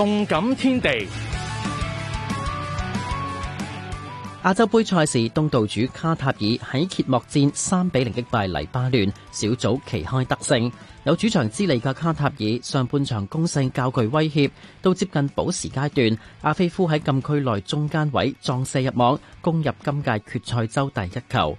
動感天地。亞洲盃賽事東道主卡塔爾喺揭幕戰三比零擊敗黎巴嫩，小組旗開得勝。有主場之利嘅卡塔爾上半場攻勢較具威脅，到接近補時階段，阿菲夫喺禁區內中間位撞射入網，攻入今屆決賽周第一球。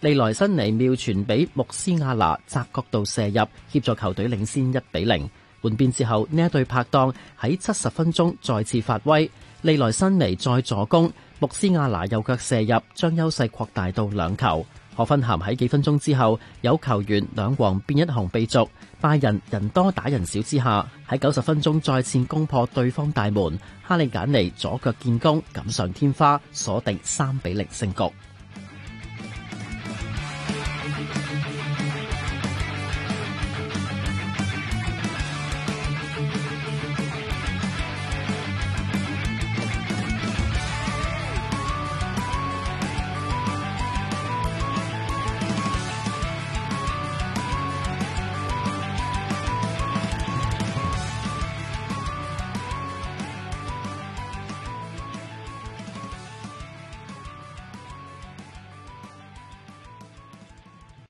利萊辛尼妙傳俾穆斯亞拿，窄角度射入協助球隊領先一比零。換邊之後呢一對拍檔喺七十分鐘再次發威，利萊辛尼再助攻穆斯亞拿右腳射入，將優勢擴大到兩球。可分咸喺幾分鐘之後，有球員兩黃變一紅被逐。拜仁人多打人少之下，喺九十分鐘再次攻破對方大門。哈利簡尼左腳建功，錦上添花，鎖定三比零勝局。